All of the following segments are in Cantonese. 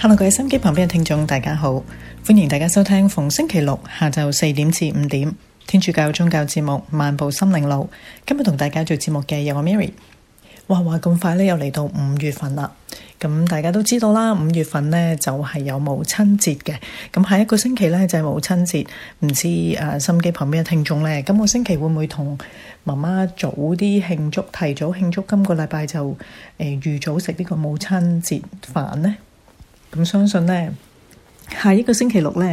Hello，各位心機旁邊嘅聽眾，大家好，歡迎大家收聽逢星期六下晝四點至五點天主教宗教節目《漫步心靈路》。今日同大家做節目嘅有我 Mary。話話咁快呢，又嚟到五月份啦。咁大家都知道啦，五月份呢就係、是、有母親節嘅。咁下一個星期呢，就係、是、母親節。唔知誒、啊，心機旁邊嘅聽眾呢會會媽媽，今個星期會唔會同媽媽早啲慶祝，提早慶祝？今個禮拜就誒預早食呢個母親節飯呢？咁相信呢，下一個星期六呢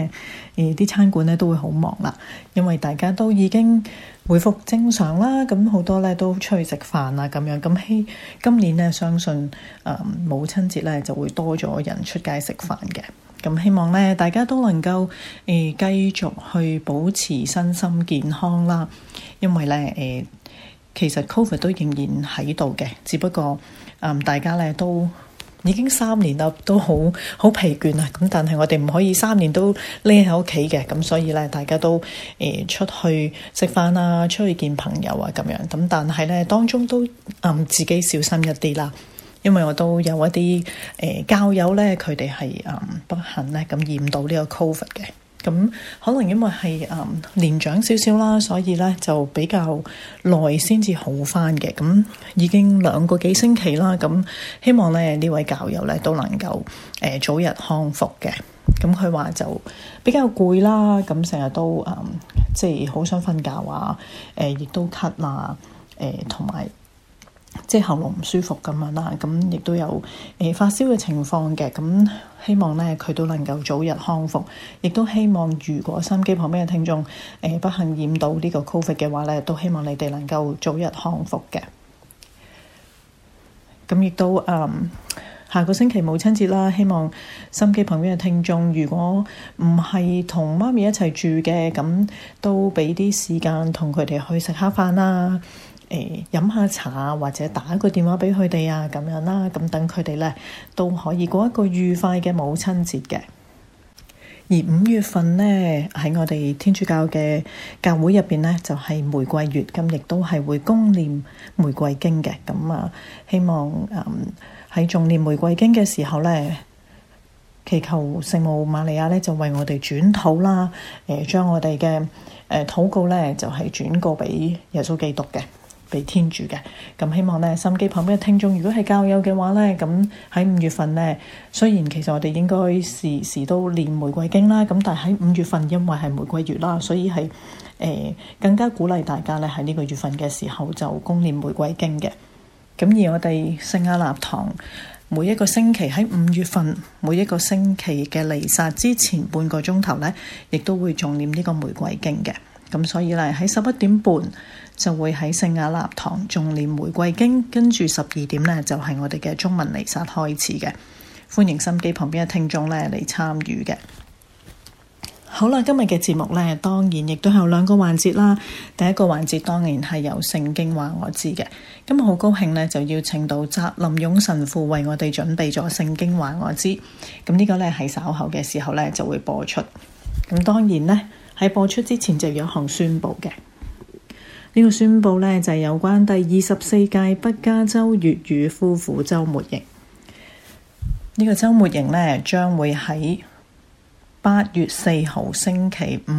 誒啲、呃、餐館呢都會好忙啦，因為大家都已經恢復正常啦。咁好多呢都出去食飯啦，咁樣咁希今年呢，相信誒、呃、母親節呢就會多咗人出街食飯嘅。咁希望呢，大家都能夠誒繼續去保持身心健康啦，因為呢，誒、呃、其實 Covid 都仍然喺度嘅，只不過誒、呃、大家呢都，已經三年啦，都好好疲倦啦。咁但係我哋唔可以三年都匿喺屋企嘅。咁所以咧，大家都誒、呃、出去食翻啦，出去見朋友啊咁樣。咁但係咧，當中都嗯自己小心一啲啦。因為我都有一啲誒教友咧，佢哋係嗯不幸咧咁驗到呢個 COVID 嘅。咁可能因為係、嗯、年長少少啦，所以咧就比較耐先至好翻嘅。咁、嗯、已經兩個幾星期啦，咁、嗯、希望咧呢位教友咧都能夠、呃、早日康復嘅。咁佢話就比較攰啦，咁成日都、嗯、即係好想瞓覺啊，誒、呃、亦都咳啊，同、呃、埋。即係喉嚨唔舒服咁樣啦，咁亦都有誒、呃、發燒嘅情況嘅，咁希望咧佢都能夠早日康復，亦都希望如果心機旁邊嘅聽眾誒、呃、不幸染到個呢個 Covid 嘅話咧，都希望你哋能夠早日康復嘅。咁亦都誒、嗯，下個星期母親節啦，希望心機旁邊嘅聽眾如果唔係同媽咪一齊住嘅，咁都俾啲時間同佢哋去食下飯啦。飲下茶或者打個電話俾佢哋啊，咁樣啦，咁等佢哋呢，都可以過一個愉快嘅母親節嘅。而五月份呢，喺我哋天主教嘅教會入邊呢，就係玫瑰月，咁亦都係會供念玫瑰經嘅。咁啊，希望喺仲念玫瑰經嘅時候呢，祈求聖母瑪利亞呢，就為我哋轉禱啦。誒、呃，將我哋嘅誒禱告呢，就係轉告俾耶穌基督嘅。被天主嘅，咁、嗯、希望呢，心機旁邊嘅聽眾，如果係教友嘅話呢，咁喺五月份呢，雖然其實我哋應該時時都念玫瑰經啦，咁但係喺五月份，因為係玫瑰月啦，所以係誒、呃、更加鼓勵大家咧喺呢個月份嘅時候就恭念玫瑰經嘅。咁、嗯、而我哋聖亞納堂每一個星期喺五月份，每一個星期嘅彌撒之前半個鐘頭呢，亦都會重念呢個玫瑰經嘅。咁、嗯、所以呢，喺十一點半，就會喺聖亞納堂仲念玫瑰經，跟住十二點呢，就係、是、我哋嘅中文彌撒開始嘅，歡迎心機旁邊嘅聽眾咧嚟參與嘅。好啦，今日嘅節目呢，當然亦都有兩個環節啦。第一個環節當然係由聖經話我知嘅，今日好高興呢，就要請到澤林勇神父為我哋準備咗《聖經話我知》，咁呢個呢，喺稍後嘅時候呢就會播出。咁當然呢，喺播出之前就有一項宣佈嘅。呢個宣佈呢，就係、是、有關第二十四屆北加州粵語夫婦周末營。呢、呢個周末營呢，將會喺八月四號星期五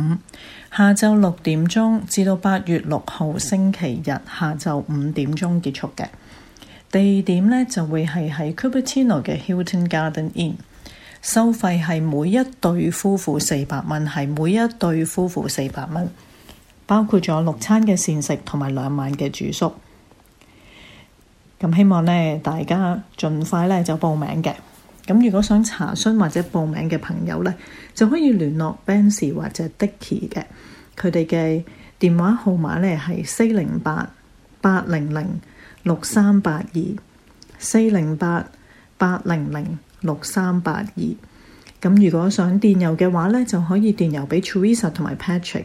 下晝六點鐘至到八月六號星期日下晝五點鐘結束嘅。地點呢，就會係喺 Cupertino 嘅 Hilton Garden Inn。收費係每一對夫婦四百蚊，係每一對夫婦四百蚊。包括咗六餐嘅膳食同埋兩晚嘅住宿。咁希望咧，大家盡快咧就報名嘅。咁如果想查詢或者報名嘅朋友咧，就可以聯絡 Benz 或者 Dicky 嘅。佢哋嘅電話號碼咧，係四零八八零零六三八二四零八八零零六三八二。咁如果想電郵嘅話咧，就可以電郵俾 Theresa 同埋 Patrick。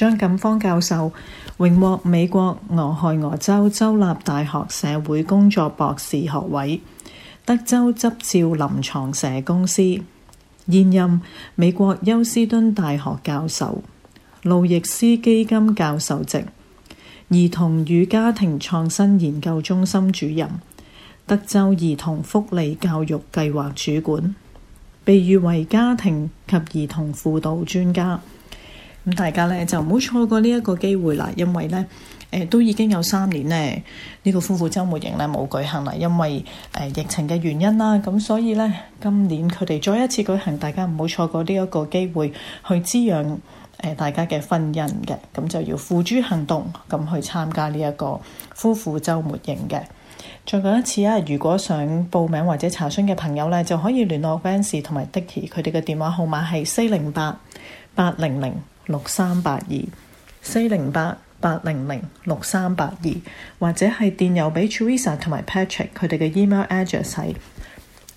張錦芳教授榮獲美國俄亥俄州州立大學社會工作博士學位，德州執照臨床社工師，現任美國休斯敦大學教授、路易斯基金教授席、兒童與家庭創新研究中心主任、德州兒童福利教育計劃主管，被譽為家庭及兒童輔導專家。咁大家咧就唔好錯過呢一個機會啦，因為咧誒、呃、都已經有三年咧呢、這個夫婦周末營咧冇舉行啦，因為誒、呃、疫情嘅原因啦。咁所以咧今年佢哋再一次舉行，大家唔好錯過呢一個機會去滋養誒、呃、大家嘅婚姻嘅。咁就要付諸行動咁去參加呢一個夫婦周末營嘅。再講一次啊，如果想報名或者查詢嘅朋友咧，就可以聯絡 Vans 同埋 Dicky 佢哋嘅電話號碼係四零八八零零。六三八二四零八八零零六三八二，2, 2, 或者係電郵俾 Theresa 同埋 Patrick 佢哋嘅 email address 係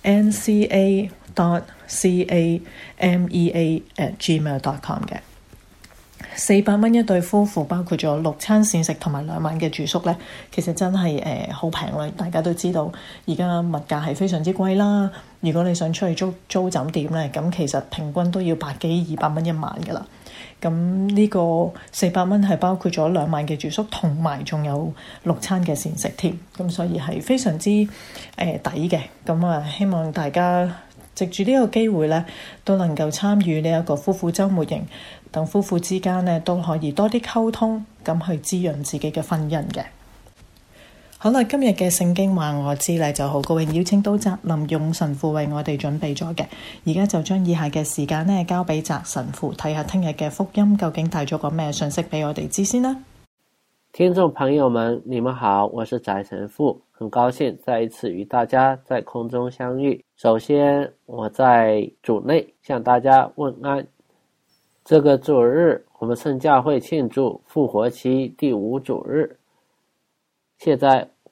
nca.dot.camea.at.gmail.com 嘅四百蚊一對夫婦，包括咗六餐膳食同埋兩晚嘅住宿咧，其實真係誒好平啦。大家都知道而家物價係非常之貴啦。如果你想出去租租酒店咧，咁其實平均都要百幾二百蚊一晚噶啦。咁呢個四百蚊係包括咗兩晚嘅住宿，同埋仲有六餐嘅膳食添。咁、嗯、所以係非常之誒抵嘅。咁、呃、啊、嗯，希望大家藉住呢個機會咧，都能夠參與呢一個夫婦周末營，等夫婦之間咧都可以多啲溝通，咁去滋潤自己嘅婚姻嘅。好啦，今日嘅聖經話我知嚟，就好高興邀請到澤林用神父為我哋準備咗嘅，而家就將以下嘅時間呢交俾澤神父睇下，聽日嘅福音究竟帶咗個咩信息俾我哋知先啦。聽眾朋友們，你們好，我是宅神父，很高興再一次與大家在空中相遇。首先，我在主內向大家問安。這個主日，我們聖教會慶祝復活期第五主日，現在。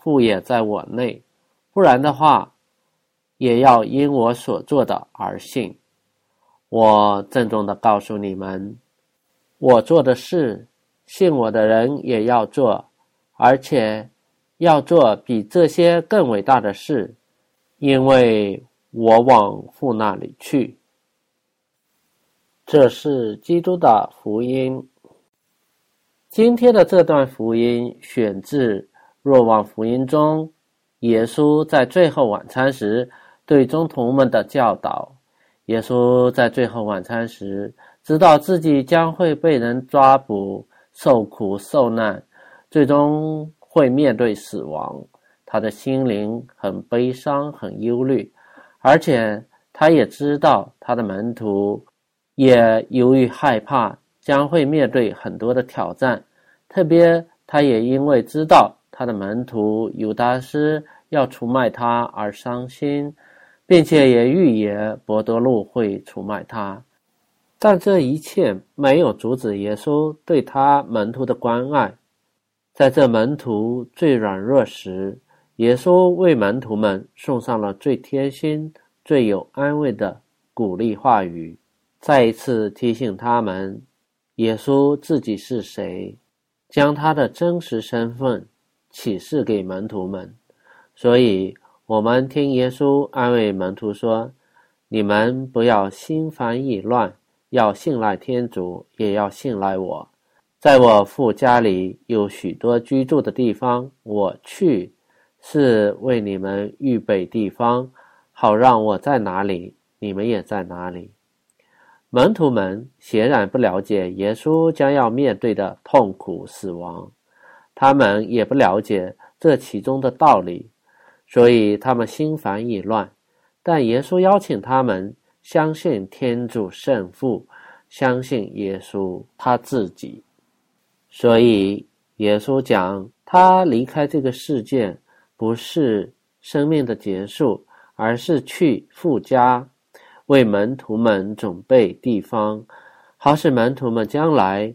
父也在我內，不然的話，也要因我所做的而信。我鄭重的告訴你們，我做的事，信我的人也要做，而且要做比這些更偉大的事，因為我往父那裏去。這是基督的福音。今天的這段福音選自若望福音中，耶穌在最後晚餐時對宗徒們的教導，耶穌在最後晚餐時知道自己將會被人抓捕、受苦受難，最終會面對死亡。他的心靈很悲傷、很憂慮，而且他也知道他的門徒也由於害怕將會面對很多的挑戰，特別他也因為知道。他的門徒尤達斯要出賣他而傷心，並且也預言伯多祿會出賣他，但這一切沒有阻止耶穌對他門徒的關愛。在這門徒最軟弱時，耶穌為門徒們送上了最貼心、最有安慰的鼓勵話語，再一次提醒他們，耶穌自己是誰，將他的真實身份。啟示給門徒們，所以我們聽耶穌安慰門徒說：你們不要心煩意亂，要信賴天主，也要信賴我。在我父家裏有許多居住的地方，我去是為你們預備地方，好讓我在哪裏，你們也在哪裏。門徒們顯然不了解耶穌將要面對的痛苦死亡。他們也不了解這其中的道理，所以他們心煩意亂。但耶穌邀請他們相信天主聖父，相信耶穌他自己。所以耶穌講，他離開這個世界不是生命的結束，而是去父家，為門徒們準備地方，好使門徒們將來。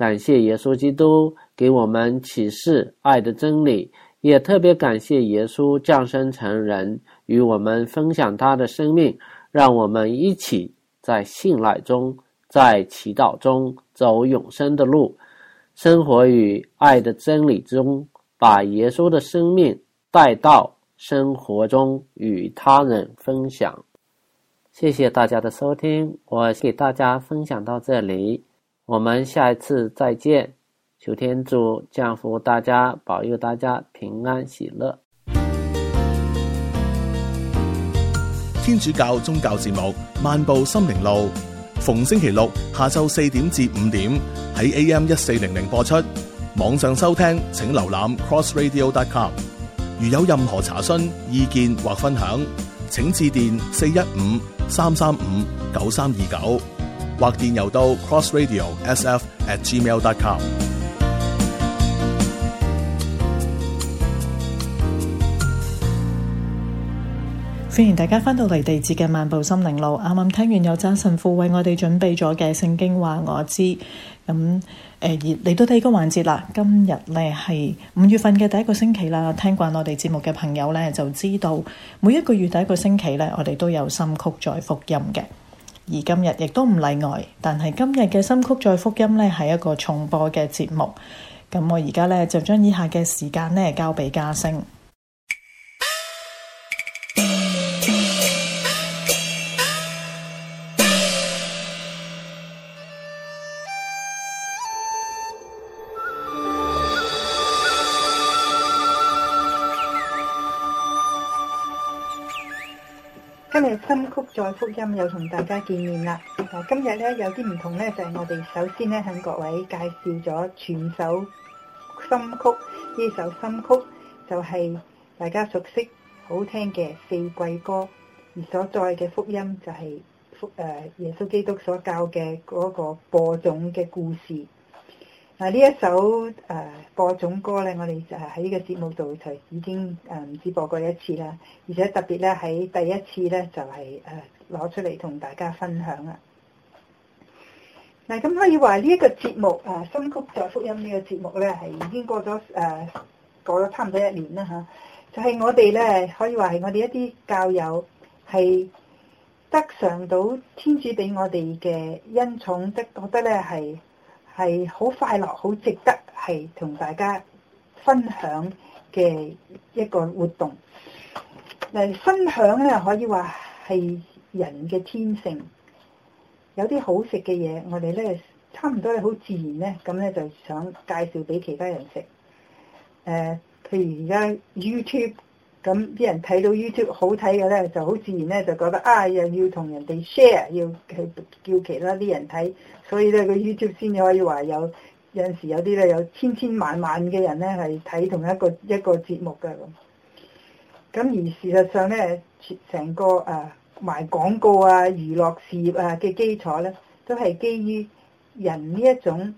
感謝耶穌基督給我們啟示愛的真理，也特別感謝耶穌降生成人，與我們分享他的生命，讓我們一起在信賴中，在祈禱中走永生的路，生活於愛的真理中，把耶穌的生命帶到生活中與他人分享。謝謝大家的收聽，我給大家分享到這裏。我們下一次再見，求天主，降福大家，保佑大家平安喜樂。天主教宗教節目《漫步心靈路》，逢星期六下晝四點至五點喺 AM 一四零零播出，網上收聽請瀏覽，覽 crossradio.com。如有任何查詢、意見或分享，請致電四一五三三五九三二九。或電郵到 crossradio_sf@gmail.com。歡迎大家返到嚟地節嘅漫步心靈路。啱啱聽完有真神父為我哋準備咗嘅聖經話，我知咁誒、嚟，嗯、到第二個環節啦。今日咧係五月份嘅第一個星期啦。聽慣我哋節目嘅朋友咧就知道，每一個月第一個星期咧，我哋都有心曲載福音嘅。而今日亦都唔例外，但係今日嘅心曲載福音咧，係一個重播嘅節目，咁我而家咧就將以下嘅時間咧交畀嘉升。今日《心曲》載福音又同大家見面啦。今日咧有啲唔同咧，就係、是、我哋首先咧向各位介紹咗全首《心曲》。呢首《心曲》就係大家熟悉、好聽嘅《四季歌》，而所在嘅福音就係復誒耶穌基督所教嘅嗰個播種嘅故事。嗱呢一首誒播種歌咧，我哋就係喺呢個節目度就已經誒唔止播過一次啦，而且特別咧喺第一次咧就係誒攞出嚟同大家分享啦！嗱，咁可以話呢一個節目啊，《心曲載福音》呢、這個節目咧，係已經過咗誒過咗差唔多一年啦嚇，就係、是、我哋咧可以話係我哋一啲教友係得上到天主俾我哋嘅恩寵的，覺得咧係。係好快樂、好值得係同大家分享嘅一個活動。嚟分享咧，可以話係人嘅天性。有啲好食嘅嘢，我哋咧差唔多係好自然咧，咁咧就想介紹俾其他人食。誒、呃，譬如而家 YouTube。咁啲人睇到 YouTube 好睇嘅咧，就好自然咧就覺得啊，又要同人哋 share，要去叫其他啲人睇，所以咧個 YouTube 先至可以話有有陣時有啲咧有千千萬萬嘅人咧係睇同一個一個節目嘅咁。咁而事實上咧，成個誒賣廣告啊、娛樂事業啊嘅基礎咧，都係基於人呢一種。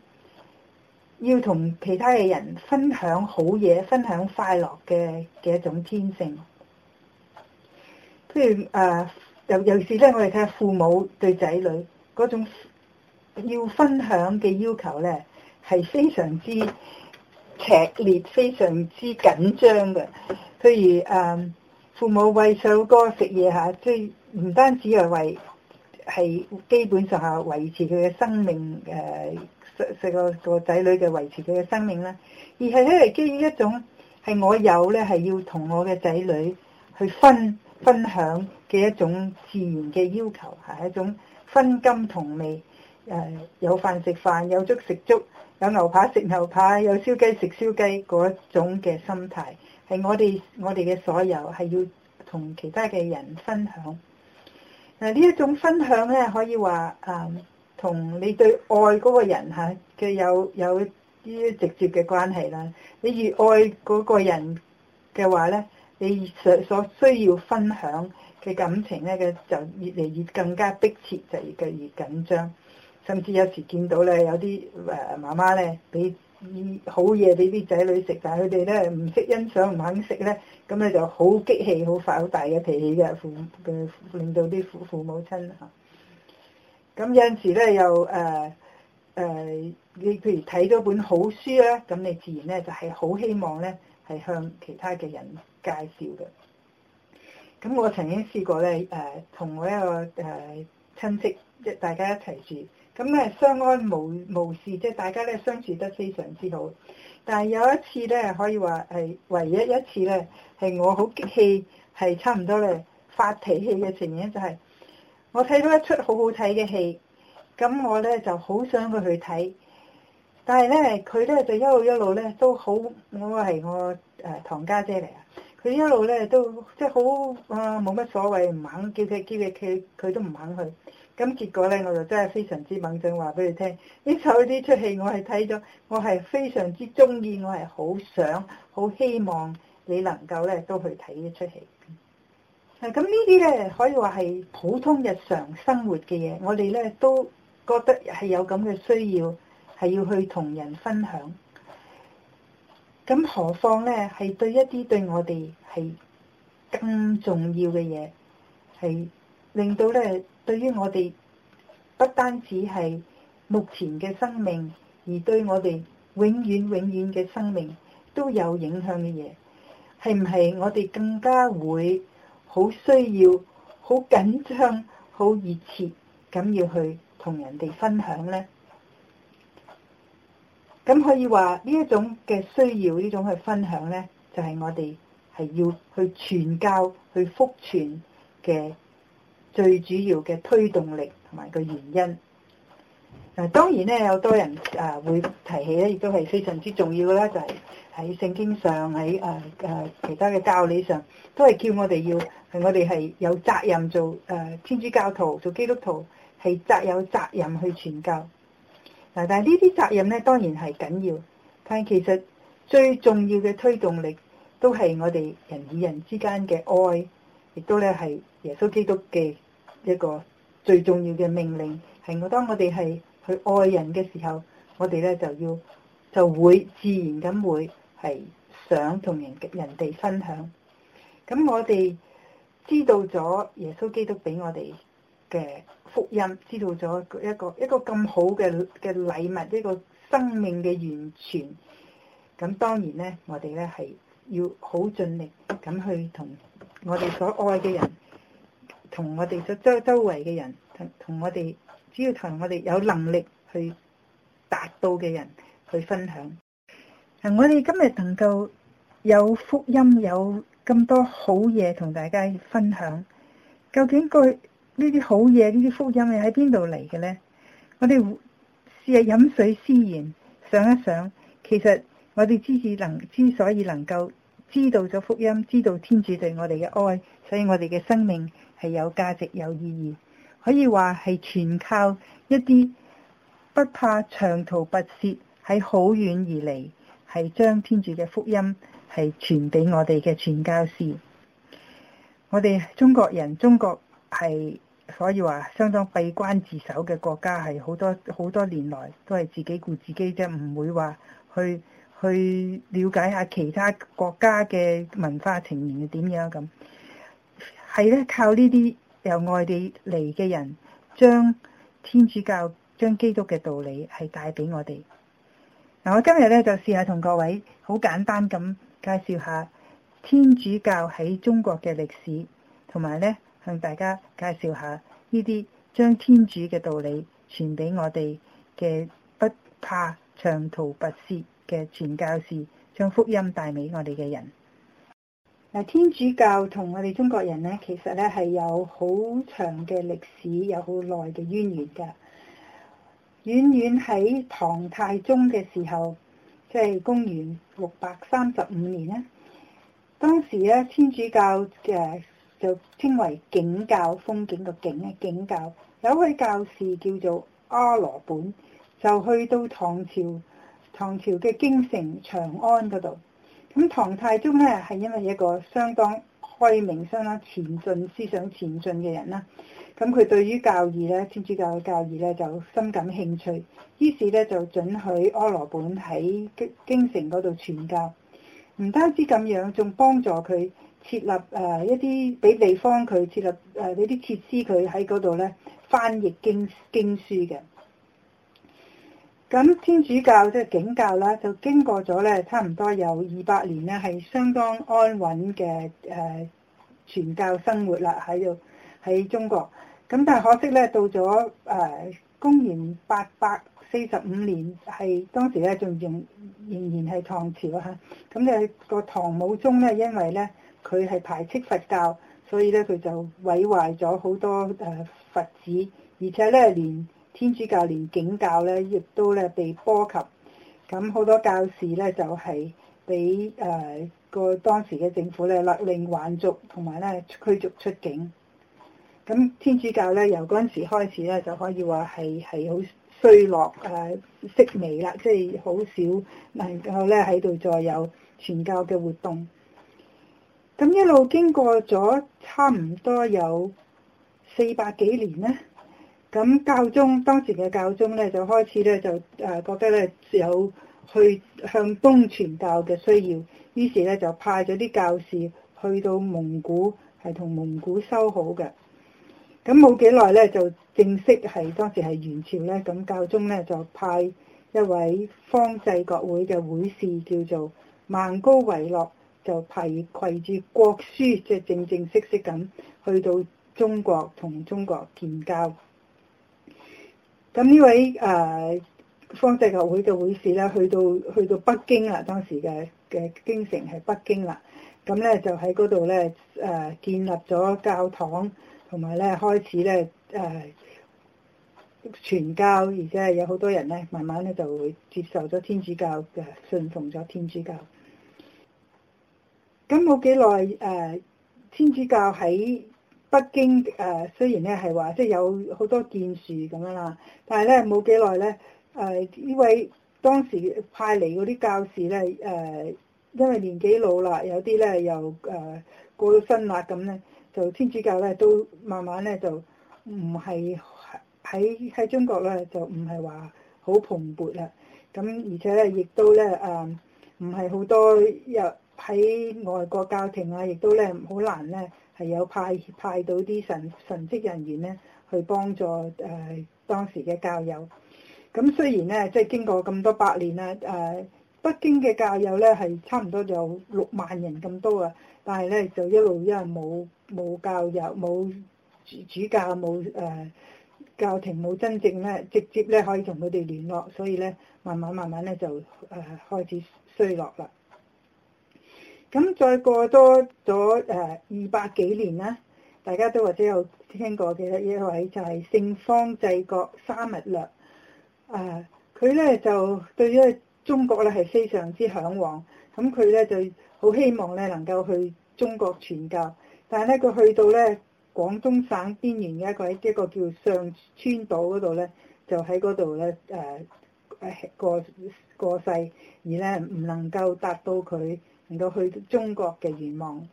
要同其他嘅人分享好嘢，分享快樂嘅嘅一種天性。譬如誒，尤、呃、尤其是咧，我哋睇下父母對仔女嗰種要分享嘅要求咧，係非常之劇烈、非常之緊張嘅。譬如誒、呃，父母餵細路哥、餵食嘢吓，即係唔單止係為係基本上係維持佢嘅生命誒。呃食個個仔女嘅維持佢嘅生命啦，而係基於一種係我有咧，係要同我嘅仔女去分分享嘅一種自然嘅要求，係一種分甘同味，誒、呃、有飯食飯，有粥食粥，有牛扒食牛扒，有燒雞食燒雞嗰種嘅心態，係我哋我哋嘅所有係要同其他嘅人分享。嗱呢一種分享咧，可以話誒。呃同你對愛嗰個人嚇嘅有有啲直接嘅關係啦。你越愛嗰個人嘅話咧，你所所需要分享嘅感情咧，嘅就越嚟越，越更加迫切，就越嚟越緊張。甚至有時見到咧，有啲誒媽媽咧俾好嘢俾啲仔女食，但係佢哋咧唔識欣賞，唔肯食咧，咁你就好激氣，好發好大嘅脾氣嘅父嘅令到啲父父母親嚇。咁有陣時咧又誒誒，你譬如睇咗本好書咧，咁你自然咧就係、是、好希望咧係向其他嘅人介紹嘅。咁我曾經試過咧誒，同、呃、我一個誒親戚即係大家一齊住，咁咧相安無無事，即係大家咧相處得非常之好。但係有一次咧，可以話係唯一一次咧，係我好激氣，係差唔多咧發脾氣嘅情形就係、是。我睇到一出好好睇嘅戲，咁我咧就好想佢去睇，但係咧佢咧就一路一路咧都好，我係我誒唐家姐嚟啊，佢一路咧都即係好啊冇乜所謂，唔肯叫佢叫佢佢佢都唔肯去，咁結果咧我就真係非常之猛咁話俾你聽，呢首呢出戲我係睇咗，我係非常之中意，我係好想好希望你能夠咧都去睇呢出戲。咁呢啲咧，可以話係普通日常生活嘅嘢，我哋咧都覺得係有咁嘅需要，係要去同人分享。咁何況咧，係對一啲對我哋係更重要嘅嘢，係令到咧對於我哋不單止係目前嘅生命，而對我哋永遠永遠嘅生命都有影響嘅嘢，係唔係？我哋更加會。好需要，好緊張，好熱切咁要去同人哋分享咧。咁可以話呢一種嘅需要，呢種去分享咧，就係、是、我哋係要去傳教、去福傳嘅最主要嘅推動力同埋個原因。嗱，當然咧，有多人啊會提起咧，亦都係非常之重要嘅啦，就係、是、喺聖經上、喺誒誒其他嘅教理上，都係叫我哋要。係我哋係有責任做，誒天主教徒，做基督徒，係責有責任去傳教。嗱，但係呢啲責任咧，當然係緊要，但係其實最重要嘅推動力都係我哋人與人之間嘅愛，亦都咧，係耶穌基督嘅一個最重要嘅命令，係我當我哋係去愛人嘅時候，我哋咧，就要就會自然咁會係想同人人哋分享，咁我哋。知道咗耶穌基督俾我哋嘅福音，知道咗一個一個咁好嘅嘅禮物，一個生命嘅源泉，咁當然咧，我哋咧係要好盡力咁去同我哋所愛嘅人，同我哋所周周圍嘅人，同同我哋只要同我哋有能力去達到嘅人去分享。啊、嗯！我哋今日能夠有福音有。咁多好嘢同大家分享，究竟佢呢啲好嘢呢啲福音係喺邊度嚟嘅咧？我哋試下飲水思源，想一想，其實我哋之至能之所以能夠知道咗福音，知道天主對我哋嘅愛，所以我哋嘅生命係有價值有意義，可以話係全靠一啲不怕長途跋涉喺好遠而嚟，係將天主嘅福音。係傳俾我哋嘅傳教士，我哋中國人，中國係所以話相當閉關自守嘅國家，係好多好多年來都係自己顧自己啫，唔會話去去了解下其他國家嘅文化情形係點樣咁。係咧靠呢啲由外地嚟嘅人，將天主教、將基督嘅道理係帶俾我哋。嗱，我今日咧就試下同各位好簡單咁。介紹下天主教喺中國嘅歷史，同埋咧向大家介紹下呢啲將天主嘅道理傳俾我哋嘅不怕長途跋涉嘅傳教士，將福音帶俾我哋嘅人。嗱，天主教同我哋中國人咧，其實咧係有好長嘅歷史，有好耐嘅淵源㗎。遠遠喺唐太宗嘅時候。即係公元六百三十五年咧，當時咧天主教嘅就稱為景教，風景嘅景嘅景教，有一位教士叫做阿羅本，就去到唐朝，唐朝嘅京城長安嗰度。咁唐太宗咧係因為一個相當開明、相當前進思想前進嘅人啦。咁佢對於教義咧，天主教嘅教義咧就深感興趣，於是咧就准許阿羅本喺京京城嗰度傳教，唔單止咁樣，仲幫助佢設立誒一啲俾地方佢設立誒嗰啲設施，佢喺嗰度咧翻譯經經書嘅。咁天主教即係、就是、景教咧，就經過咗咧差唔多有二百年咧，係相當安穩嘅誒、呃、傳教生活啦，喺度喺中國。咁但係可惜咧，到咗誒公元八百四十五年，係當時咧仲仍仍然係唐朝嚇。咁誒個唐武宗咧，因為咧佢係排斥佛教，所以咧佢就毀壞咗好多誒佛寺，而且咧連天主教連景教咧，亦都咧被波及。咁好多教士咧就係俾誒個當時嘅政府咧勒令還俗同埋咧驅逐出境。咁天主教咧，由嗰陣時開始咧，就可以話係係好衰落誒式微啦，即係好少能夠咧喺度再有傳教嘅活動。咁一路經過咗差唔多有四百幾年咧，咁教宗，當時嘅教宗咧就開始咧就誒覺得咧有去向東傳教嘅需要，於是咧就派咗啲教士去到蒙古，係同蒙古修好嘅。咁冇幾耐咧，就正式係當時係元朝咧，咁教宗咧就派一位方濟各會嘅會士叫做孟高維諾，就派攜住國書，即係正正式式咁去到中國同中國建交。咁呢位誒、呃、方濟各會嘅會士咧，去到去到北京啦，當時嘅嘅京城係北京啦。咁咧就喺嗰度咧誒建立咗教堂。同埋咧，開始咧，誒、呃、傳教，而且係有好多人咧，慢慢咧就會接受咗天主教嘅，信奉咗天主教。咁冇幾耐誒，天主教喺北京誒、呃，雖然咧係話即係有好多建樹咁樣啦，但係咧冇幾耐咧誒，呢位、呃、當時派嚟嗰啲教士咧誒、呃，因為年紀老啦，有啲咧又誒、呃、過咗身喇咁咧。就天主教咧，都慢慢咧就唔係喺喺中國咧，就唔係話好蓬勃啦。咁而且咧，亦都咧誒，唔係好多入喺外國教廷啊，亦都咧好難咧係有派派到啲神神職人員咧去幫助誒、呃、當時嘅教友。咁雖然咧，即係經過咁多百年啦，誒、呃、北京嘅教友咧係差唔多有六萬人咁多啊，但係咧就一路一路冇。冇教友，冇主主教，冇誒教廷，冇真正咧，直接咧可以同佢哋聯絡，所以咧慢慢慢慢咧就誒開始衰落啦。咁再過多咗誒二百幾年啦，大家都或者有聽過嘅一位就係聖方濟各沙勿略。啊，佢咧就對於中國咧係非常之嚮往，咁佢咧就好希望咧能夠去中國傳教。但係咧，佢去到咧廣東省邊緣嘅一個一個叫上川島嗰度咧，就喺嗰度咧誒誒過過世，而咧唔能夠達到佢能夠去中國嘅願望。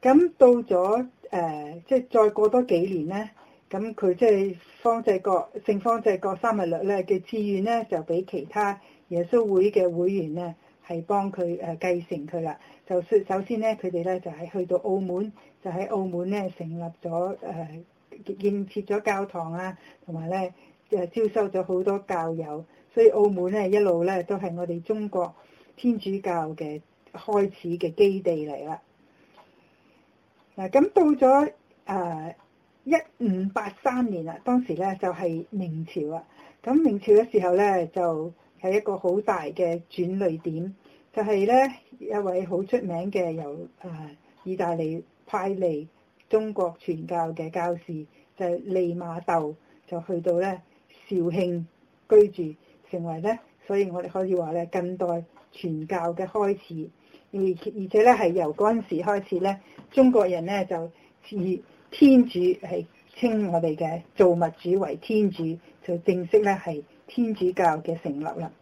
咁到咗誒，即、呃、係、就是、再過多幾年咧，咁佢即係方濟各聖方濟各沙勿略咧嘅志願咧，就俾其他耶穌會嘅會員咧。係幫佢誒繼承佢啦。就説首先咧，佢哋咧就係去到澳門，就喺澳門咧成立咗誒，建設咗教堂啊，同埋咧誒招收咗好多教友。所以澳門咧一路咧都係我哋中國天主教嘅開始嘅基地嚟啦。嗱，咁到咗誒一五八三年啦，當時咧就係明朝啊。咁明朝嘅時候咧，就係一個好大嘅轉捩點。就係咧一位好出名嘅由誒意大利派嚟中國傳教嘅教士，就係、利瑪竇就去到咧肇慶居住，成為咧，所以我哋可以話咧近代傳教嘅開始，而而且咧係由嗰陣時開始咧，中國人咧就以天主係稱我哋嘅造物主為天主，就正式咧係天主教嘅成立啦。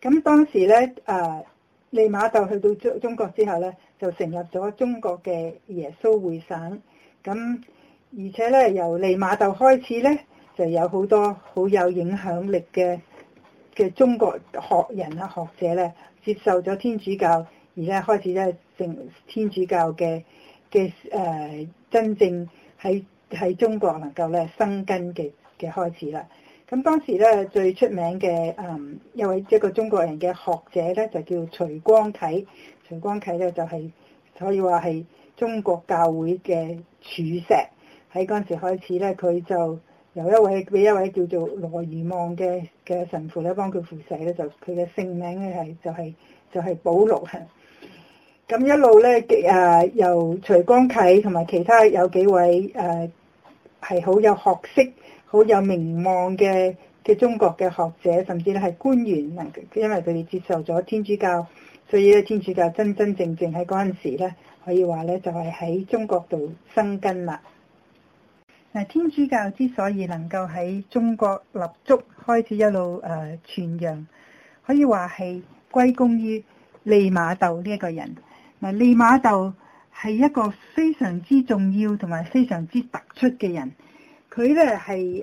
咁當時咧，誒利瑪竇去到中中國之後咧，就成立咗中國嘅耶穌會省。咁而且咧，由利瑪竇開始咧，就有好多好有影響力嘅嘅中國學人啊、學者咧，接受咗天主教，而家開始咧，成天主教嘅嘅誒真正喺喺中國能夠咧生根嘅嘅開始啦。咁當時咧最出名嘅，嗯，一位一個中國人嘅學者咧，就叫徐光啟，徐光啟咧就係、是、可以話係中國教會嘅柱石。喺嗰陣時開始咧，佢就由一位俾一位叫做羅爾望嘅嘅神父咧幫佢扶洗咧，就佢嘅姓名咧係就係、是、就係保祿。咁一路咧嘅、呃、由徐光啟同埋其他有幾位誒係好有學識，好有名望嘅嘅中國嘅學者，甚至咧係官員，嗱，因為佢哋接受咗天主教，所以咧天主教真真正正喺嗰陣時咧，可以話咧就係喺中國度生根啦。嗱，天主教之所以能夠喺中國立足，開始一路誒傳揚，可以話係歸功於利瑪竇呢一個人。嗱，利瑪竇係一個非常之重要同埋非常之突出嘅人。佢咧係誒，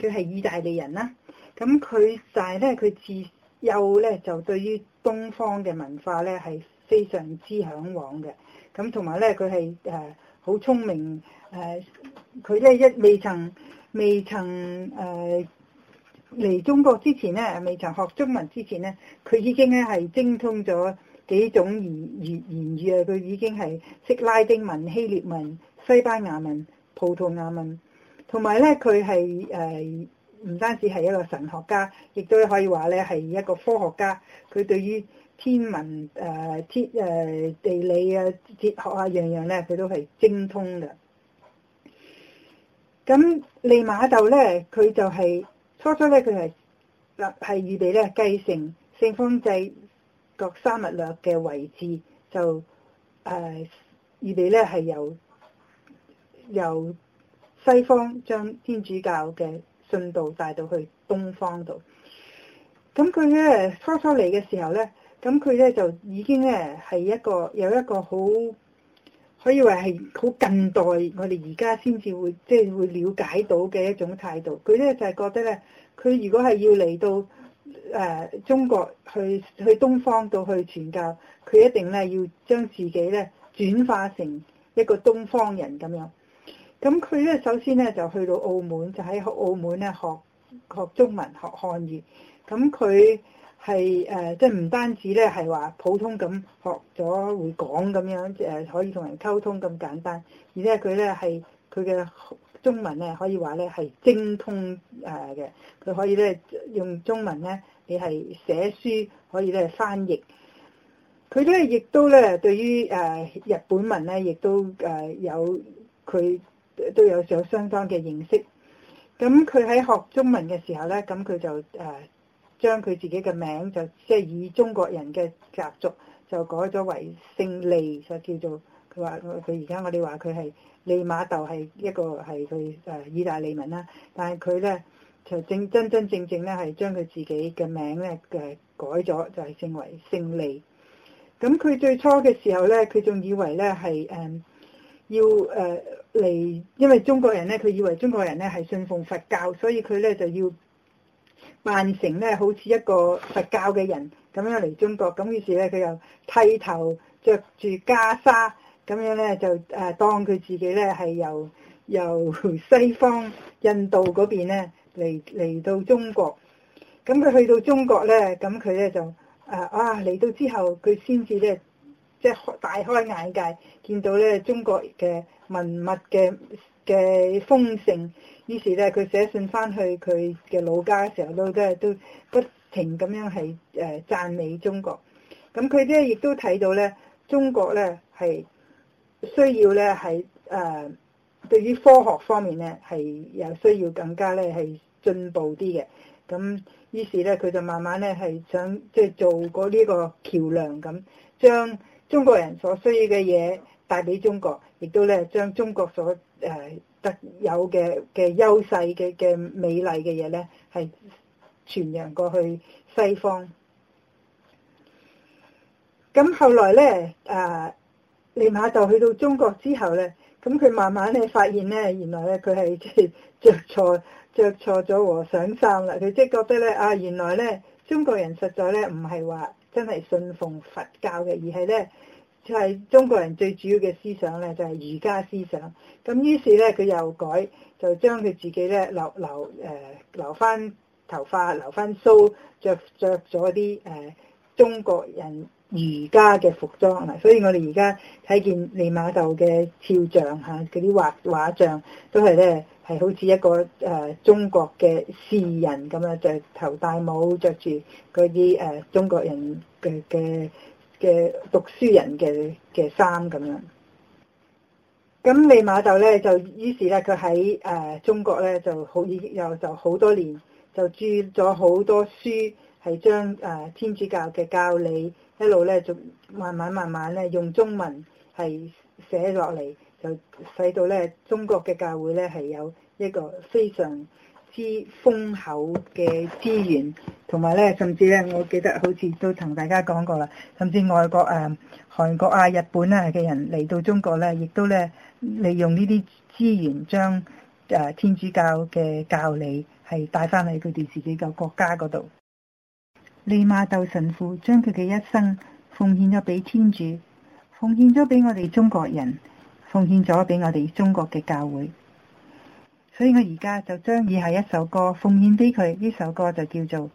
佢係、呃、意大利人啦。咁佢就係咧，佢自幼咧就對於東方嘅文化咧係非常之向往嘅。咁同埋咧，佢係誒好聰明誒。佢、呃、咧一未曾未曾誒嚟、呃、中國之前咧，未曾學中文之前咧，佢已經咧係精通咗幾種語言言語啊！佢已經係識拉丁文、希臘文、西班牙文、葡萄牙文。同埋咧，佢係誒唔單止係一個神學家，亦都可以話咧係一個科學家。佢對於天文誒、呃、天誒、呃、地理啊、哲學啊樣樣咧，佢都係精通嘅。咁利瑪竇咧，佢就係、是、初初咧，佢係立係預備咧，繼承聖方濟各沙物略嘅位置，就誒、呃、預備咧係由由。西方將天主教嘅信道帶到去東方度，咁佢咧初初嚟嘅時候咧，咁佢咧就已經咧係一個有一個好可以話係好近代，我哋而家先至會即係會了解到嘅一種態度。佢咧就係覺得咧，佢如果係要嚟到誒中國去去東方度去傳教，佢一定咧要將自己咧轉化成一個東方人咁樣。咁佢咧首先咧就去到澳門，就喺澳門咧學學中文學漢語。咁佢係誒，即係唔單止咧係話普通咁學咗會講咁樣，誒、呃、可以同人溝通咁簡單。而且佢咧係佢嘅中文咧可以話咧係精通誒嘅，佢、呃、可以咧用中文咧你係寫書可以咧翻譯。佢咧亦都咧對於誒、呃、日本文咧亦都誒有佢，都有有相當嘅認識，咁佢喺學中文嘅時候咧，咁佢就誒、呃、將佢自己嘅名就即係、就是、以中國人嘅習俗，就改咗為姓利，就叫做佢話佢而家我哋話佢係利瑪竇係一個係佢誒意大利文啦，但係佢咧就正真真正正咧係將佢自己嘅名咧嘅改咗，就係稱為姓利。咁佢最初嘅時候咧，佢仲以為咧係誒要誒。呃嚟，因為中國人咧，佢以為中國人咧係信奉佛教，所以佢咧就要扮成咧好似一個佛教嘅人咁樣嚟中國。咁於是咧，佢又剃頭，着住袈裟，咁樣咧就誒當佢自己咧係由由西方印度嗰邊咧嚟嚟到中國。咁佢去到中國咧，咁佢咧就誒啊嚟、啊、到之後，佢先至咧即係大開眼界，見到咧中國嘅。文物嘅嘅豐盛，於是咧佢寫信返去佢嘅老家嘅時候都都都不停咁樣係誒讚美中國，咁佢咧亦都睇到咧中國咧係需要咧係誒對於科學方面咧係又需要更加咧係進步啲嘅，咁於是咧佢就慢慢咧係想即係、就是、做過呢個橋梁咁，將中國人所需要嘅嘢。帶俾中國，亦都咧將中國所誒特有嘅嘅優勢嘅嘅美麗嘅嘢咧，係傳揚過去西方。咁後來咧誒，利瑪竇去到中國之後咧，咁佢慢慢咧發現咧，原來咧佢係着錯着錯咗和尚衫啦。佢即係覺得咧啊，原來咧中國人實在咧唔係話真係信奉佛教嘅，而係咧。就係中國人最主要嘅思想咧，就係儒家思想。咁於是咧，佢又改，就將佢自己咧留留誒、呃、留翻頭髮，留翻須，着着咗啲誒中國人儒家嘅服裝嗱。所以我哋而家睇見利瑪竇嘅肖像嚇，啲、啊、畫畫像都係咧係好似一個誒、呃、中國嘅士人咁樣，著頭戴帽，着住嗰啲誒中國人嘅嘅。嘅讀書人嘅嘅衫咁樣，咁利瑪竇咧就於是咧佢喺誒中國咧就好又就好多年就注咗好多書，係將誒、呃、天主教嘅教理一路咧，就慢慢慢慢咧用中文係寫落嚟，就使到咧中國嘅教會咧係有一個非常。之豐厚嘅資源，同埋咧，甚至咧，我記得好似都同大家講過啦。甚至外國誒、啊、韓國啊、日本啊嘅人嚟到中國咧，亦都咧利用呢啲資源，將誒天主教嘅教理係帶翻去佢哋自己個國家嗰度。利瑪竇神父將佢嘅一生奉獻咗俾天主，奉獻咗俾我哋中國人，奉獻咗俾我哋中國嘅教會。所以我而家就將以下一首歌奉獻俾佢，呢首歌就叫做《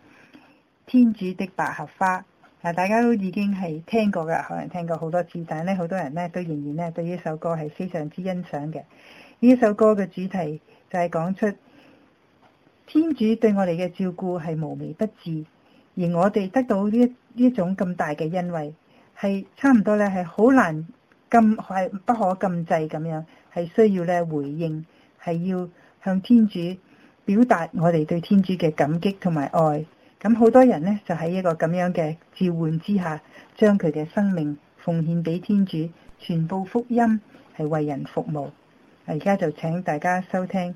天主的百合花》。嗱，大家都已經係聽過嘅，可能聽過好多次，但係咧好多人咧都仍然咧對呢首歌係非常之欣賞嘅。呢首歌嘅主題就係講出天主對我哋嘅照顧係無微不至，而我哋得到呢呢種咁大嘅恩惠，係差唔多咧係好難禁係不可禁制咁樣，係需要咧回應，係要。向天主表達我哋對天主嘅感激同埋愛，咁好多人咧就喺一個咁樣嘅召喚之下，將佢嘅生命奉獻俾天主，傳佈福音係為人服務。而家就請大家收聽。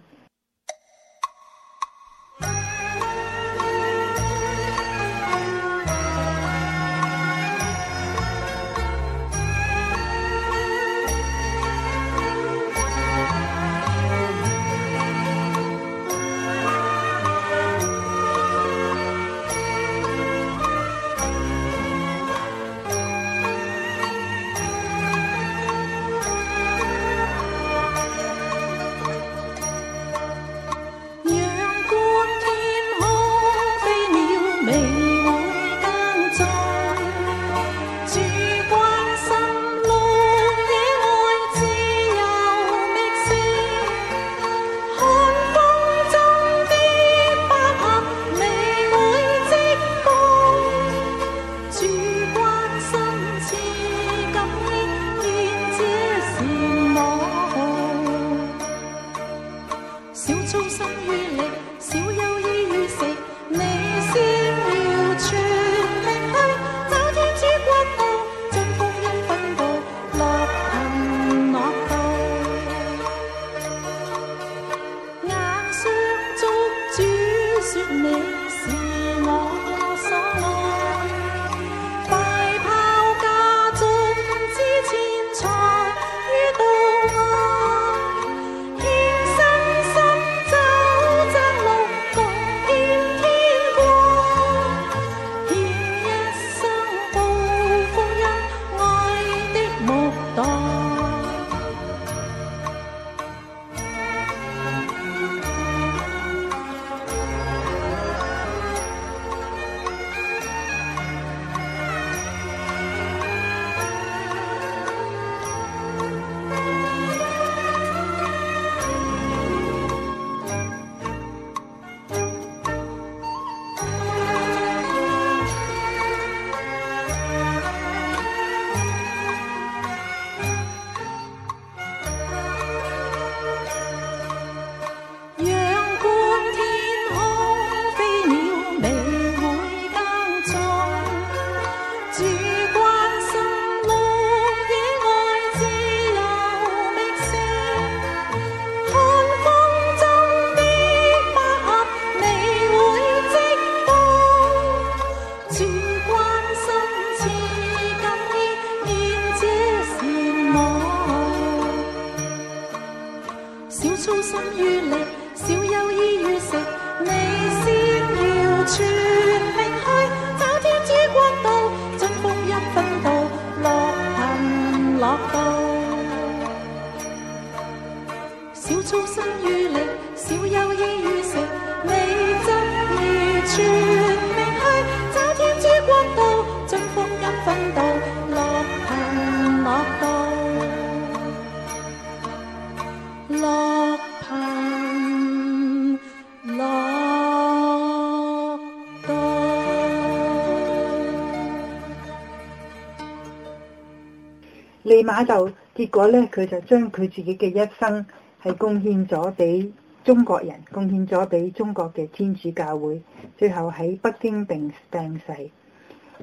馬竇結果咧，佢就將佢自己嘅一生係貢獻咗俾中國人，貢獻咗俾中國嘅天主教會，最後喺北京病病逝，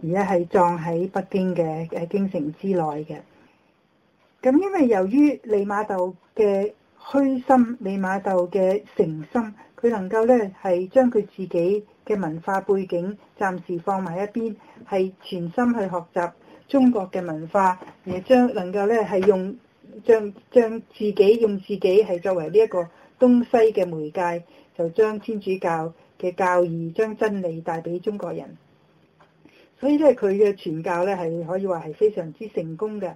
而家係葬喺北京嘅誒京城之內嘅。咁因為由於利馬竇嘅虛心，利馬竇嘅誠心，佢能夠咧係將佢自己嘅文化背景暫時放埋一邊，係全心去學習。中國嘅文化，而將能夠咧係用將將自己用自己係作為呢一個東西嘅媒介，就將天主教嘅教義、將真理帶俾中國人。所以咧，佢嘅傳教咧係可以話係非常之成功嘅。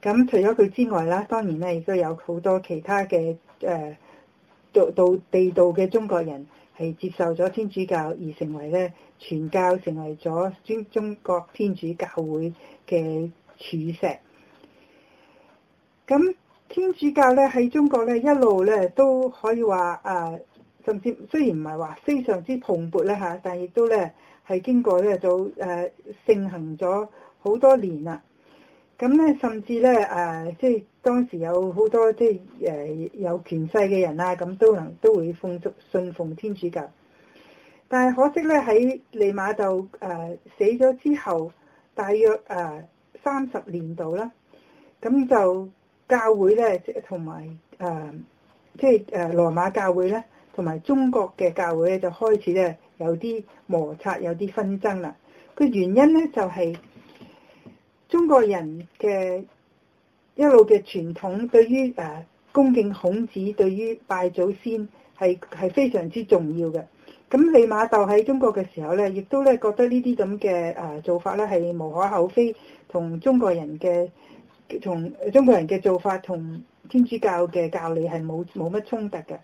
咁除咗佢之外啦，當然咧亦都有好多其他嘅誒到道地道嘅中國人係接受咗天主教而成為咧傳教，成為咗專中國天主教會。嘅柱石，咁天主教咧喺中國咧一路咧都可以話啊，甚至雖然唔係話非常之蓬勃啦嚇，但亦都咧係經過咧就誒盛行咗好多年啦。咁咧甚至咧誒即係當時有好多即係誒有權勢嘅人啊，咁都能都會奉信奉天主教。但係可惜咧喺利瑪竇誒死咗之後，大約誒三十年度啦，咁就教會咧、呃，即同埋誒，即係誒羅馬教會咧，同埋中國嘅教會咧，就開始咧有啲摩擦，有啲紛爭啦。個原因咧就係、係、中國人嘅一路嘅傳統，對於誒恭敬孔子，對於拜祖先係係非常之重要嘅。咁利瑪竇喺中國嘅時候咧，亦都咧覺得呢啲咁嘅誒做法咧係無可厚非，同中國人嘅同中國人嘅做法同天主教嘅教理係冇冇乜衝突嘅。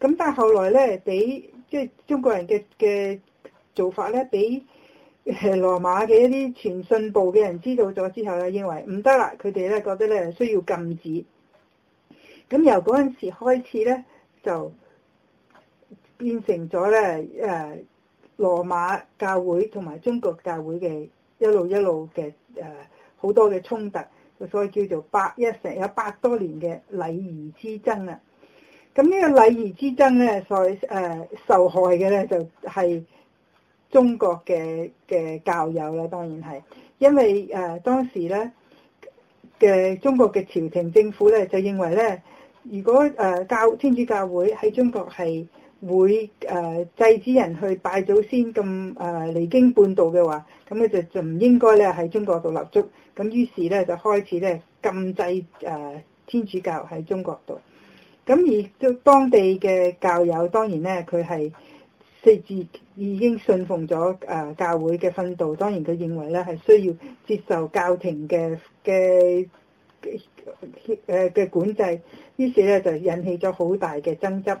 咁但係後來咧，俾即係中國人嘅嘅做法咧，俾羅馬嘅一啲傳信部嘅人知道咗之後咧，認為唔得啦，佢哋咧覺得咧需要禁止。咁由嗰陣時開始咧，就。變成咗咧誒，羅馬教會同埋中國教會嘅一路一路嘅誒好多嘅衝突，所以叫做百一成有百多年嘅禮儀之爭啦。咁呢個禮儀之爭咧，所誒、呃、受害嘅咧就係、是、中國嘅嘅教友啦。當然係，因為誒、呃、當時咧嘅中國嘅朝廷政府咧就認為咧，如果誒教天主教會喺中國係會誒、呃、制止人去拜祖先咁誒、呃、離經叛道嘅話，咁佢就就唔應該咧喺中國度立足。咁於是咧就開始咧禁制誒、呃、天主教喺中國度。咁而當地嘅教友當然咧佢係四字已經信奉咗誒、呃、教會嘅訓導，當然佢認為咧係需要接受教廷嘅嘅誒嘅管制。於是咧就引起咗好大嘅爭執。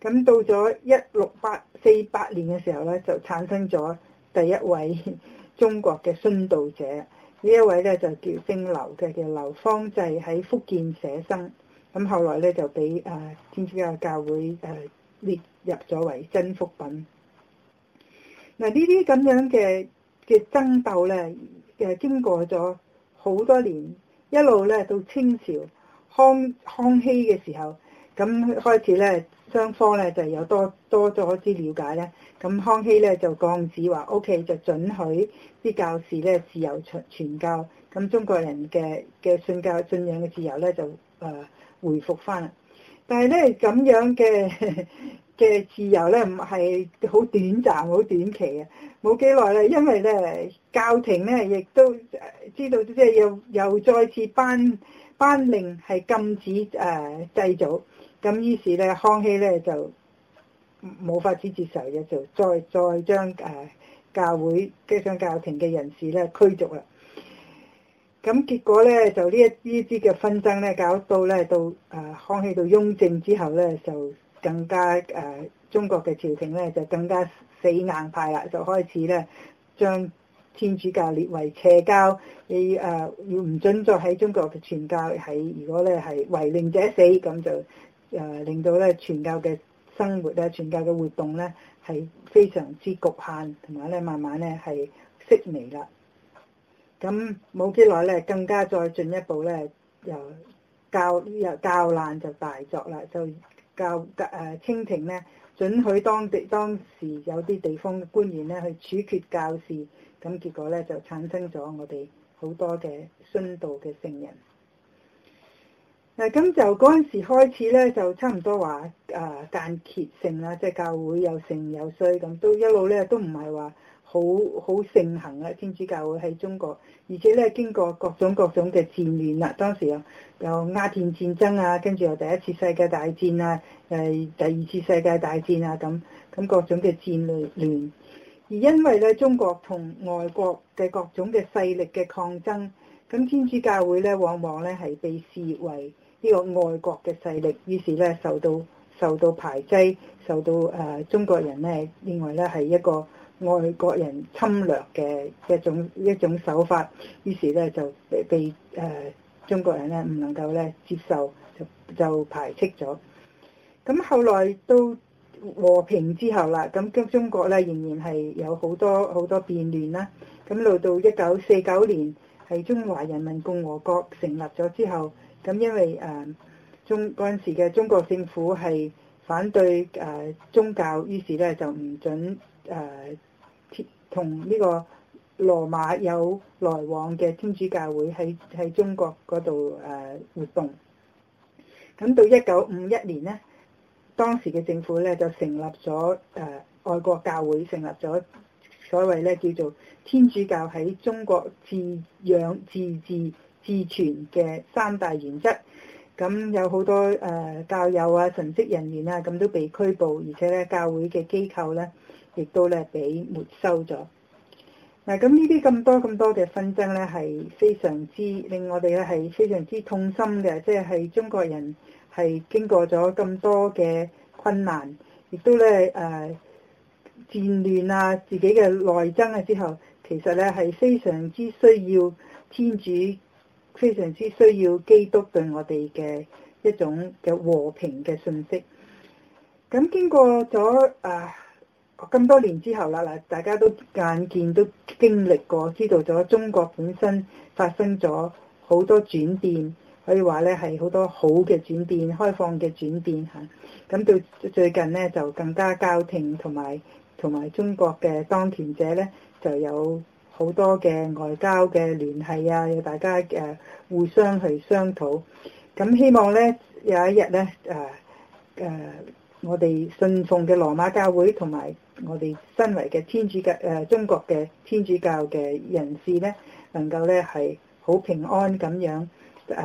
咁到咗一六八四八年嘅時候咧，就產生咗第一位中國嘅殉道者。呢一位咧就叫姓劉嘅，叫劉芳濟，喺福建寫生。咁後來咧就俾誒天主教教會誒列入咗為真福品。嗱，呢啲咁樣嘅嘅爭鬥咧，嘅經過咗好多年，一路咧到清朝康康熙嘅時候，咁開始咧。雙方咧就有多多咗啲了解咧，咁康熙咧就降旨話：O.K. 就准許啲教士咧自由傳傳教，咁中國人嘅嘅信教信仰嘅自由咧就誒、呃、回復翻啦。但係咧咁樣嘅嘅 自由咧唔係好短暫、好短期嘅，冇幾耐咧，因為咧教廷咧亦都知道即係又又再次頒頒令係禁止誒祭、呃、祖。咁於是咧，康熙咧就冇法子接受嘅，就再再將誒、呃、教會跟上教廷嘅人士咧驅逐啦。咁結果咧，就呢一啲啲嘅紛爭咧，搞到咧到誒、呃、康熙到雍正之後咧，就更加誒、呃、中國嘅朝廷咧就更加死硬派啦，就開始咧將天主教列為邪、呃、教，要誒要唔准再喺中國嘅傳教，喺如果咧係違令者死咁就。誒令到咧，傳教嘅生活啊，傳教嘅活動咧，係非常之局限，同埋咧，慢慢咧係式微啦。咁冇幾耐咧，更加再進一步咧，又教又教難就大作啦，就教誒、呃、清廷咧，准許當地當時有啲地方官員咧去處決教士，咁結果咧就產生咗我哋好多嘅殉道嘅聖人。咁就嗰陣時開始咧，就差唔多話啊、呃、間歇性啦，即係教會又盛有衰，咁都一路咧都唔係話好好盛行啊。天主教會喺中國，而且咧經過各種各種嘅戰亂啦，當時有有鴉片戰爭啊，跟住有第一次世界大戰啊，誒第二次世界大戰啊，咁咁各種嘅戰亂亂、嗯，而因為咧中國同外國嘅各種嘅勢力嘅抗爭，咁天主教會咧往往咧係被視為，呢個外國嘅勢力，於是咧受到受到排擠，受到誒、呃、中國人咧認為咧係一個外國人侵略嘅一種一種手法，於是咧就被誒、呃、中國人咧唔能夠咧接受，就就排斥咗。咁後來到和平之後啦，咁中中國咧仍然係有好多好多變亂啦。咁到到一九四九年，係中華人民共和國成立咗之後。咁因為誒中嗰陣時嘅中國政府係反對誒宗教，於是咧就唔准誒同呢個羅馬有來往嘅天主教會喺喺中國嗰度誒活動。咁到一九五一年咧，當時嘅政府咧就成立咗誒外國教會，成立咗所謂咧叫做天主教喺中國自養自治自傳嘅三大原則，咁有好多誒、呃、教友啊、神職人員啊，咁都被拘捕，而且咧教會嘅機構咧，亦都咧俾沒收咗。嗱，咁呢啲咁多咁多嘅紛爭咧，係非常之令我哋咧係非常之痛心嘅，即係中國人係經過咗咁多嘅困難，亦都咧誒、呃、戰亂啊、自己嘅內爭啊之後，其實咧係非常之需要天主。非常之需要基督對我哋嘅一種嘅和平嘅信息。咁經過咗啊咁多年之後啦，嗱，大家都眼見都經歷過，知道咗中國本身發生咗好多轉變，可以話咧係好多好嘅轉變開放嘅轉變吓，咁到最近咧就更加交停同埋同埋中國嘅當權者咧就有。好多嘅外交嘅聯繫啊，要大家誒互相去商討，咁希望咧有一日咧誒誒我哋信奉嘅羅馬教會，同埋我哋身為嘅天主教誒、啊、中國嘅天主教嘅人士咧，能夠咧係好平安咁樣誒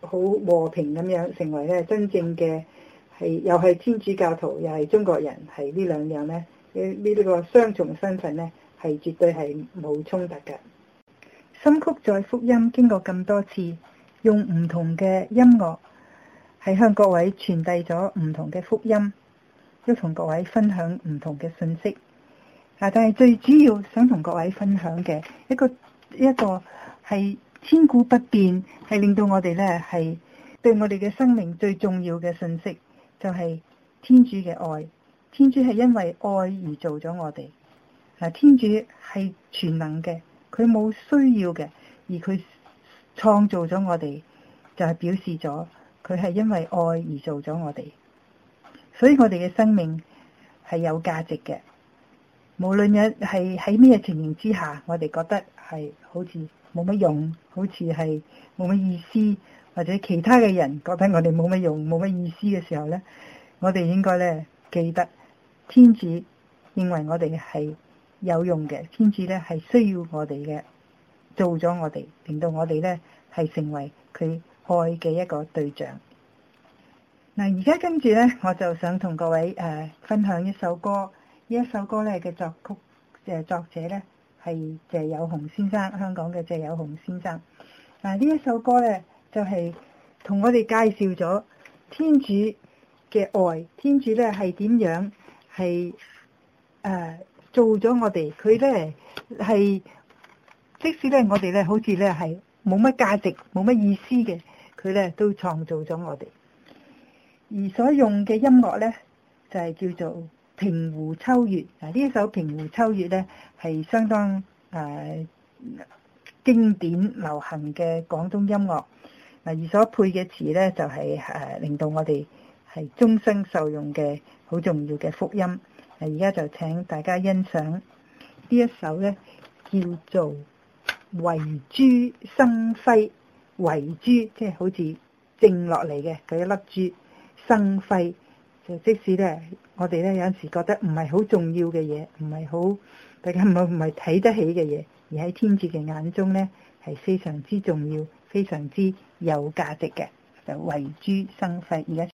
好、啊、和平咁樣成為咧真正嘅係又係天主教徒，又係中國人，係呢兩樣咧呢呢個雙重身份咧。係絕對係冇衝突嘅。心曲載福音經過咁多次，用唔同嘅音樂，係向各位傳遞咗唔同嘅福音，要同各位分享唔同嘅信息。啊！但係最主要想同各位分享嘅一個一個係千古不變，係令到我哋咧係對我哋嘅生命最重要嘅信息，就係天主嘅愛。天主係因為愛而做咗我哋。嗱，天主係全能嘅，佢冇需要嘅，而佢創造咗我哋，就係表示咗佢係因為愛而做咗我哋，所以我哋嘅生命係有價值嘅。無論一係喺咩情形之下，我哋覺得係好似冇乜用，好似係冇乜意思，或者其他嘅人覺得我哋冇乜用、冇乜意思嘅時候咧，我哋應該咧記得天主認為我哋係有用嘅，天主咧係需要我哋嘅，做咗我哋，令到我哋咧係成為佢愛嘅一個對象。嗱，而家跟住咧，我就想同各位誒、呃、分享一首歌，呢一首歌咧嘅作曲嘅作者咧係謝有雄先生，香港嘅謝有雄先生。嗱，呢一首歌咧就係、是、同我哋介紹咗天主嘅愛，天主咧係點樣係誒，做咗我哋，佢咧係即使咧我哋咧好似咧係冇乜價值、冇乜意思嘅，佢咧都創造咗我哋。而所用嘅音樂咧就係、是、叫做《平湖秋月》啊！呢一首《平湖秋月》咧係相當誒、啊、經典流行嘅廣東音樂，嗱，而所配嘅詞咧就係、是、誒、啊、令到我哋係終生受用嘅好重要嘅福音。而家就請大家欣賞呢一首咧，叫做遺珠生輝。遺珠即係好似剩落嚟嘅嗰一粒珠，生輝就即使咧，我哋咧有陣時覺得唔係好重要嘅嘢，唔係好大家唔係唔係睇得起嘅嘢，而喺天主嘅眼中咧，係非常之重要、非常之有價值嘅。就是遺珠生輝，而家。